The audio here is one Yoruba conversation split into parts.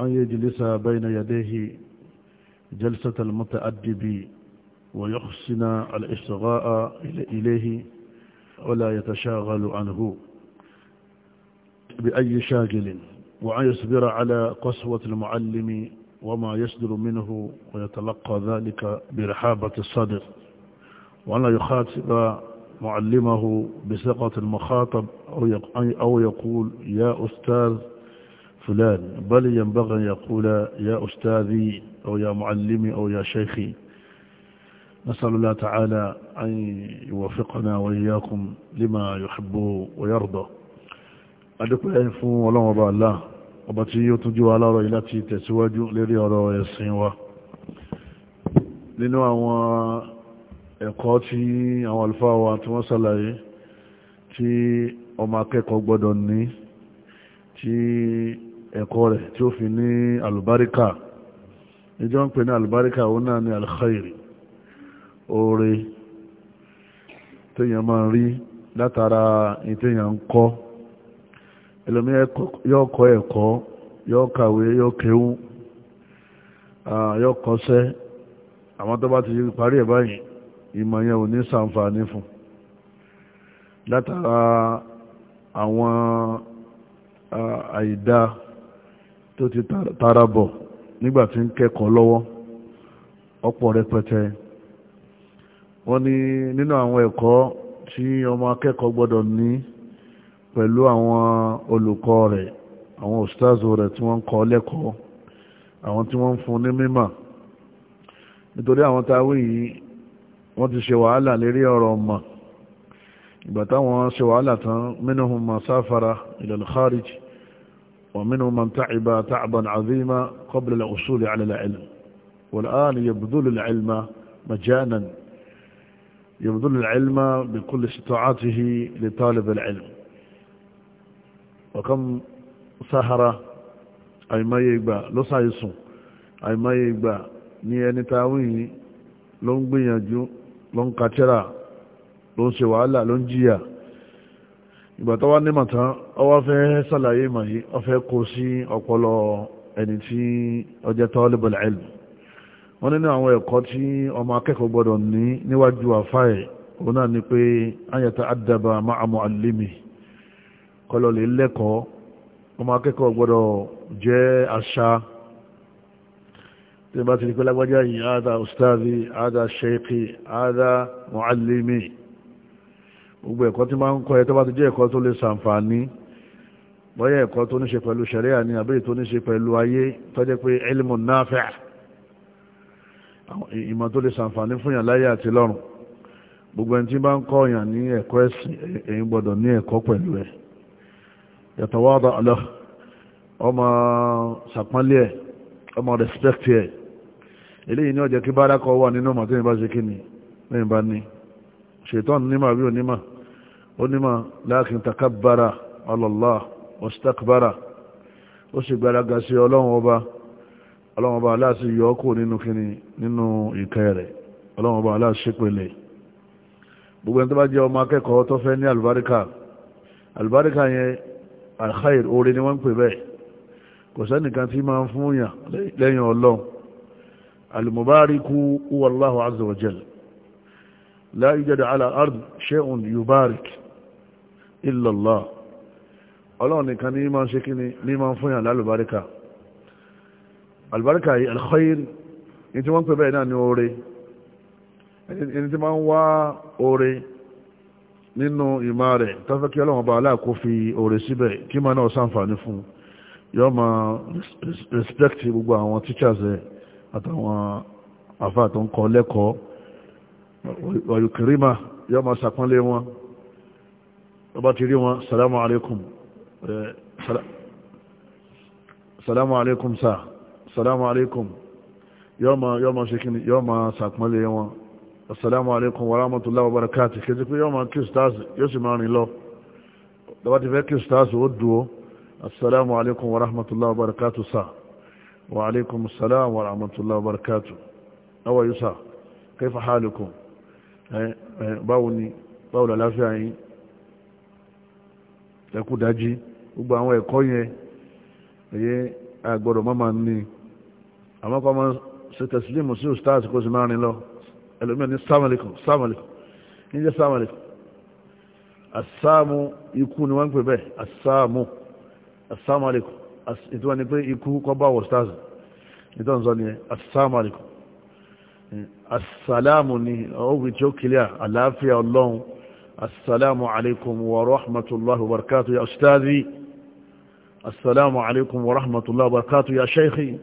أن يجلس بين يديه جلسة المتأدب ويحسن الإصغاء إليه ولا يتشاغل عنه بأي شاغل وأن يصبر على قسوة المعلم وما يصدر منه ويتلقى ذلك برحابة الصدر وأن يخاطب معلمه بثقة المخاطب أو يقول يا أستاذ فلان بل ينبغي أن يقول يا أستاذي أو يا معلمي أو يا شيخي نسأل الله تعالى أن يوفقنا وإياكم لما يحب ويرضى أدكوا يفون ولا وضع الله وبتي يتجو على رأيلتي تسواج لري أرى يسينوا لنوع وإقاتي أو الفاوة وصلي تي أما كيكو تي ẹ̀kọ́ rẹ̀ tí ó fi ní alùbáríkà ìjọ ń pè ní alùbáríkà òun náà ní alkhairi oore téèyàn máa rí látara ìtéèyàn ń kọ́ ẹlòmí yóò kọ́ ẹ̀kọ́ yóò kàwé yóò kéwú yóò kọ́ṣẹ́ àwọn tó bá ti parí ẹ̀ báyìí ìmọ̀ yẹn ò ní sàǹfààní fún látara àwọn àìdá tó ti tara bọ̀ nígbà tí ń kẹ́kọ̀ọ́ lọ́wọ́ ọ̀pọ̀ rẹpẹtẹ wọ́n ní nínú àwọn ẹ̀kọ́ tí ọmọ akẹ́kọ̀ọ́ gbọ́dọ̀ ní pẹ̀lú àwọn olùkọ́ rẹ̀ àwọn òṣìṣẹ́ rẹ̀ tí wọ́n ń kọ́ lẹ́kọ̀ọ́ àwọn tí wọ́n ń fún ní mímọ̀ nítorí àwọn táwí yìí wọ́n ti ṣe wàhálà lérí ọ̀rọ̀ ọmọ ìgbà táwọn ṣe wàhálà tán minhum ma sáfara ila al-kharij ومنهم من تعب تعبا عظيما قبل الوصول على العلم والآن يبذل العلم مجانا يبذل العلم بكل استطاعته لطالب العلم وكم سهرة أي ما يقبع سايسو أي ما يقبع أني تاوي لون بيانجو لون قاترا لون سوالا لون جيا ìgbà tó wá ní màtá ó wá fẹ́ sàlàyé mà yìí ó fẹ́ kó sí ọpọlọ ẹni tí ó jẹ́ talibul ilm wọ́n nínú àwọn ẹ̀kọ́ tí ọmọ akẹ́kọ̀ọ́ gbọ́dọ̀ ní níwájú àfáì òun náà ni pé ayẹta adaba ma'a muallimi kọlọ gbogbo ẹ̀kọ́ tí máa ń kọ́ ẹ tó bá ti jẹ́ ẹ̀kọ́ tó lè ṣàǹfààní bóyá ẹ̀kọ́ tó ní ṣe pẹ̀lú ṣẹ̀ríà ni àbí tó ní ṣe pẹ̀lú ayé tó jẹ́ pé ilmu nafi' ìmọ̀ tó lè ṣàǹfààní fún yàn láyé àti lọ́run gbogbo ẹni tí bá ń kọ́ yàn ní ẹ̀kọ́ ẹ̀sìn èyí gbọ́dọ̀ ní ẹ̀kọ́ pẹ̀lú ẹ̀ yatawada' lahu ọmọ sàpánlé ẹ̀ ọmọ respect ẹ̀ eléyìí ní ọjọ́ kí bárakọ̀ wà nínú màtí ìbá ṣe kí ni ní ìbá ní ṣètọ́n bí ò nímà onímọ̀ láàkín takabbara Allah wastakbara ó sì gbáraga sí ọlọ́run ọba ọlọ́run ọba aláàsì yọ́kù nínú kíni nínú ìkẹ́ rẹ̀ ọlọ́run ọba aláàsì pẹ̀lẹ̀ gbogbo ẹni tó bá jẹ́ ọmọ akẹ́kọ̀ọ́ tó fẹ́ ní alùbáríkà alùbáríkà yẹn alkhair oore ni wọ́n ń pè bẹ́ẹ̀ kò sẹ́nìkan tí máa ń fún yàn lẹ́yìn ọlọ́run alùmọ̀báríkú wallahu azza la yujadu ala ard shay'un yubarik illallah ọlọ́run nìkan ní máa ń ṣe kí ni ní máa ń fún yàn lálùbáríkà àlùbáríkà yìí alkhair ní tí wọ́n ń pè bẹ́ẹ̀ náà ní oore ẹni tí máa ń wá oore nínú ìmá rẹ̀ tó fẹ́ kí ọlọ́run bá aláàkó fi oore síbẹ̀ kí máa náà sàǹfààní fún yọ máa respect gbogbo àwọn teachers ẹ̀ àtàwọn àfáà tó ń kọ́ lẹ́kọ̀ọ́ ọ̀yùkìrímà yọ máa sàpọ́nlé wọn ọba ti rí wọn salamu alaikum salamu alaikum sa salamu alaikum yọ́ ma ṣe kíni yọ́ ma sàpọ́nlé wọn assalamu alaikum wa rahmatullahi wa barakati kìí pé yọ́ ma kí stars yóò sì máa rìn lọ lọ́wọ́ ti fẹ́ kí stars ó dúó assalamu alaikum wa rahmatullahi wa barakatu sa wa alaikum salam wa wa barakatu awa yusa kaifa halukum báwo ni báwo la lafiya yìí ẹkúdájí gbogbo àwọn ẹ̀kọ́ yẹn ẹ̀yẹ àgbọ̀dọ̀ má máa ní àmọ́ kọ́ máa ṣe tẹ̀sílímù sí ustaz kó sì máa rìn lọ ẹlòmíràn ní sàmàlìkù sàmàlìkù níjẹ́ sàmàlìkù àsáàmù ikú ni wọ́n ń pè bẹ́ẹ̀ àsáàmù àsáàmàlìkù ìtura ni pé ikú kọ́ bá wọ ustaz ìtọ́ nzọ ni àsáàmàlìkù àsàlámù ni ọ̀wì tí ó kìlíà àlàáfíà ọlọ́run السلام عليكم ورحمة الله وبركاته يا أستاذي السلام عليكم ورحمة الله وبركاته يا شيخي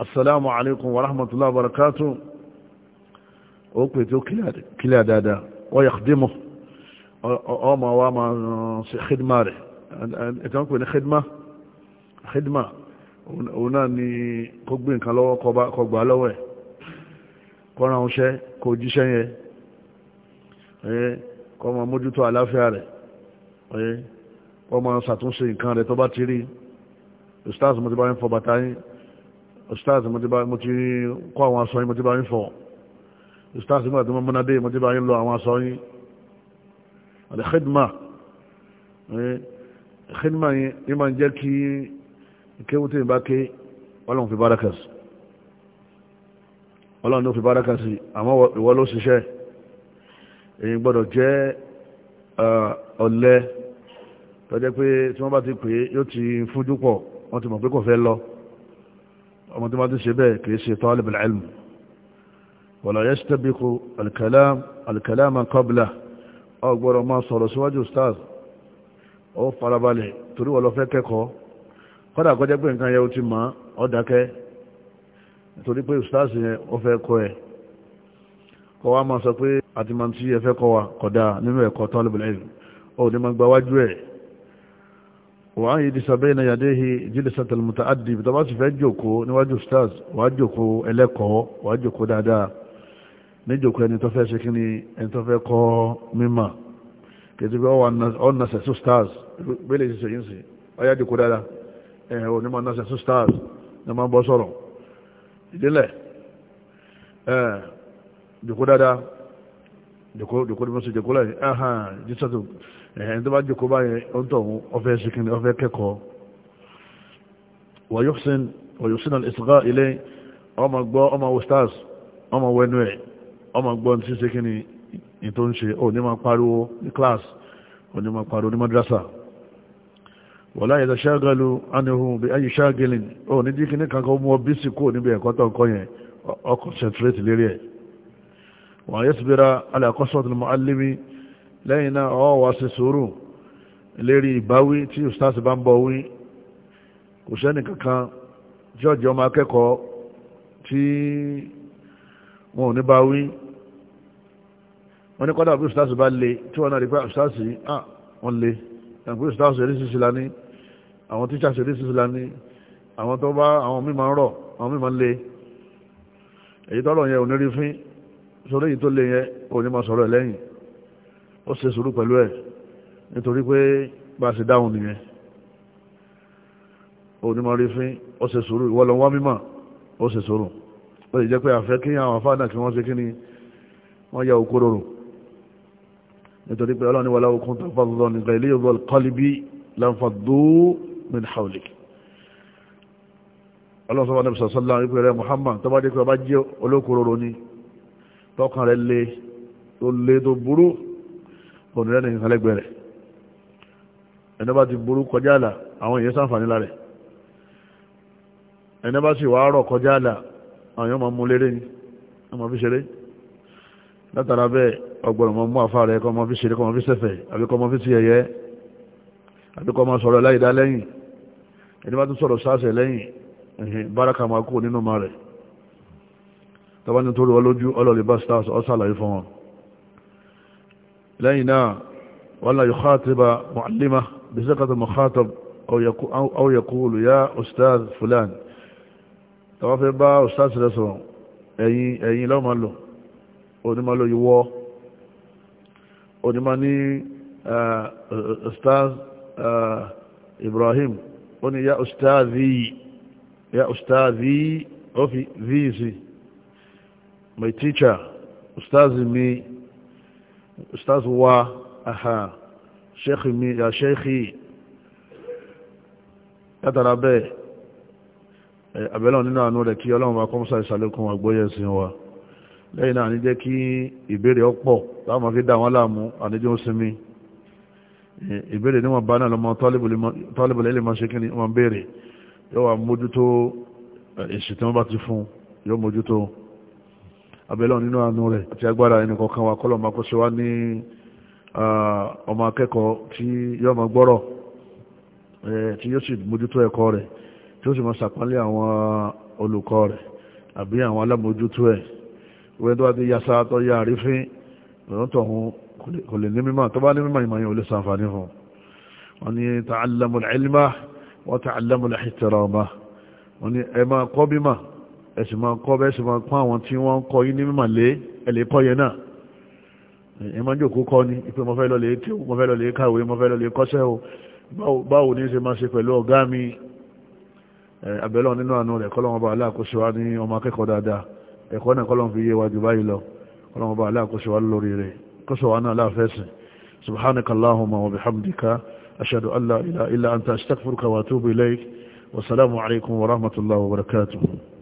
السلام عليكم ورحمة الله وبركاته أكبتوا كلا دادا ويخدمه أما وما خدمة أتنكم خدمة خدمة وناني náà ni kó gbé nǹkan lọ́wọ́ kọgbà lọ́wọ́ kọ́ máa mójútó àláfíà rẹ̀ kọ́ máa ṣàtúnṣe nǹkan rẹ̀ tó bá ti rí ustaz mo ti bá ń fọ bàtà yín ustaz mo ti kọ́ àwọn aṣọ yín mo ti bá ń fọ ustaz mo ti múná dé mo ti bá ń lọ àwọn aṣọ yín alẹ́kẹ́dùmá ẹ̀kẹ́dùmá yín ní máa ń jẹ́ kí kéwútẹ́ ìbáké ọlọ́run fi bárakà sí ọlọ́run ló fi bárakà sí àmọ́ ìwọ ló ṣiṣẹ́ èyí gbọ́dọ̀ jẹ́ ọ̀lẹ tọ́jẹ́ pé tí wọ́n bá ti pè é yóò ti fújú pọ̀ wọ́n ti mọ̀ pé kò fẹ́ lọ ọmọ tó bá ti ṣe bẹ́ẹ̀ kìí ṣe talib al-ilm wala yastabiqu al-kalam al-kalam qabla ọgbọ́dọ̀ máa sọ̀rọ̀ síwájú ustaz ó farabalẹ̀ torí wọ́n lọ fẹ́ kẹ́kọ̀ọ́ kọ́dà kọjẹ́ pé nǹkan yẹ ó ti mọ̀ ọ́ dákẹ́ torí pé ustaz yẹn ó fẹ́ kọ́ ẹ̀ kọ wá máa sọ pé àti máa tí ẹ wa kódà nínú ẹ̀kọ́ talibul ilm ó ní máa gba wájú ẹ̀ wà á yìí di sàbẹ́ ìnà yàdéhì jilisatul muta'addib tó bá sì fẹ́ jòkó níwájú stars wà ẹlẹ́kọ̀ọ́ ni ẹni tó fẹ́ kọ́ mímọ̀ kìtì bí ọ̀nà sẹ̀sù stars bí lè ṣe ṣe yín sí jòkó dáadáa jòkó jòkó ní mọ́sí jòkó láì ahàn jísọ́tò ẹ̀yìn tó bá jòkó báyẹn ó ń tọ̀hún ọfẹ́ síkìnì ọfẹ́ kẹ́kọ̀ọ́ wàyọ́sìn wàyọ́sìn al-isgha ilé ọmọ gbọ́ ọmọ wostas ọmọ wẹnu ẹ̀ ọmọ gbọ́ ní síkìnì ìtò ń ṣe ò ní máa pariwo ní class ò ní máa pariwo ní madrasa wọ́lá ìdá ṣágàlù anihun bí ayé ṣágìlì ò ní díkì ní kankan mú ọ bí sí kúrò níbi ẹ̀kọ́ tó ń kọ́ yẹn ọ concentrate lérí ẹ̀ wọ́n yẹ́sìbíra alákọ́sọ́tì mọ́álímì lẹ́yìn náà ọ wá sí sùúrù lérí ìbáwí tí ustaz bá ń bọ̀ wí kò sẹ́ni kankan jọ́jọ́ ọmọ akẹ́kọ̀ọ́ tí wọn ò ní bá wí wọ́n ní kọ́dà bí ustaz bá le tí wọ́n náà rí pé ustaz yìí ah wọ́n le ẹ̀kú ustaz sọ̀rọ̀ èyí tó lè yẹn ò ní máa sọ̀rọ̀ ẹ̀ lẹ́yìn ó ṣe sùúrù pẹ̀lú ẹ̀ nítorí pé bá a ṣe dáhùn nìyẹn ò ní máa rí fín ó ṣe sùúrù ìwọ lọ wá mímọ̀ ó ṣe sùúrù ó lè jẹ́ pé àfẹ́ kí àwọn afáàdà kí wọ́n ṣe kí ni wọ́n ya òkú rọrùn nítorí pé ọlọ́ni wà láwọ́ tọkàn rẹ̀ lé tó lé tó burú òdìrẹ́ ní ìsànlẹ́gbẹ̀ rẹ̀ ẹni bá ti burú kọjá àlà àwọn èyí sàǹfàní lára ẹni bá sì wàárọ̀ kọjá àlà àwọn yóò máa mú léré ni wọ́n máa fi ṣeré látara bẹ́ẹ̀ ọgbọ̀n máa mú àfa rẹ̀ kọ́ máa fi ṣeré kọ́ máa fi ṣẹ̀fẹ̀ àbí kọ́ máa fi ti ẹ̀yẹ àbí kọ́ máa sọ̀rọ̀ láìdá lẹ́yìn ẹni bá tún sọ̀rọ̀ sáàsẹ̀ lẹ́yìn báraka máa kú nínú ma rẹ̀ tọba ní torí ọlójú ọlọ́lẹ̀ bá stars ọ́sàlàyé fún wọn lẹ́yìn náà wọ́n láyé khátíba mọ̀álímá bí sẹ́kàtà mọ̀hátab auyakulu ya ustaz fulan tọba fẹ́ bá ustaz rẹ̀ sọ̀rọ̀ ẹ̀yìn lọ́mọlò onímọ̀lò ìwọ́ onímọ̀ ní eh, ustaz eh, ibrahim ó ní ya ustazi ya ustazi ó fi víìsì my teacher ustazi mi ustazi wa aha sheikhi mi ya sheikhi látara bẹ́ẹ̀ àbẹ̀lọ́ nínú àánú rẹ̀ kí ọlọ́run bá kọ́mọ́sá ìsàlẹ̀kùn àgbóyẹ̀ sí wa lẹ́yìn náà ní jẹ́ kí ìbéèrè ọ̀pọ̀ láwọn fi dá wọn láàmú àníjọ́ sinmi ìbéèrè níwọ̀n bá náà lọ́mọ tọ́lẹ̀bùlẹ̀ ilé máa ṣe kí ni wọ́n béèrè yóò wà mójútó èsì tí wọ́n bá ti fún yóò mójútó abẹ́lọ́ nínú àánú rẹ̀ àti agbára ẹnìkọ̀ọ̀kan wa kọ́lọ̀ máa kó ṣe wá ní ọmọ akẹ́kọ̀ọ́ tí yóò máa gbọ́rọ̀ tí yóò sì mójútó ẹ̀kọ́ rẹ̀ tí ó sì máa ṣàpọ́nlé àwọn olùkọ́ rẹ̀ àbí àwọn alámójútó ẹ̀ wọ́n tó bá ti yasa tó yá àrífín lọ́nà tó ọ̀hún kò lè ní mímọ̀ tó bá ní mímọ̀ ìmọ̀ yẹn ò lè ṣàǹfààní fún wọn ni ta'allamul ilma wa ta'allamul ihtirama wọn ni ẹ máa kọ́ bímọ̀ ẹ̀sìn máa kọ́ bẹ́ẹ̀ sì máa kọ́ àwọn tí wọ́n ń kọ́ yín ní mímọ̀lé ẹ̀lẹ́ kọ́ yẹn náà ẹ̀ máa ń jòkó kọ́ ni ìpè mo fẹ́ lọ lè tí mo fẹ́ lọ lè kàwé mo fẹ́ lọ lè kọ́ṣẹ́ o báwo ní ṣe máa ṣe pẹ̀lú ọ̀gá mi àbẹ̀lọ́ nínú àánú rẹ̀ kọ́lọ́wọ́n bá aláàkóso wa ní ọmọ akẹ́kọ̀ọ́ dáadáa ẹ̀kọ́ náà kọ́lọ́wọ́n fi yé wa jù báyìí lọ kọ́lọ́wọ́n bá aláàkóso wa lórí rẹ̀ kóso wa náà láàfẹ́sìn subhanaka allahumma wa bihamdika ashhadu an la ilaha anta astaghfiruka wa atubu ilayk wa salaamu alaykum wa rahmatullahi wa barakatuh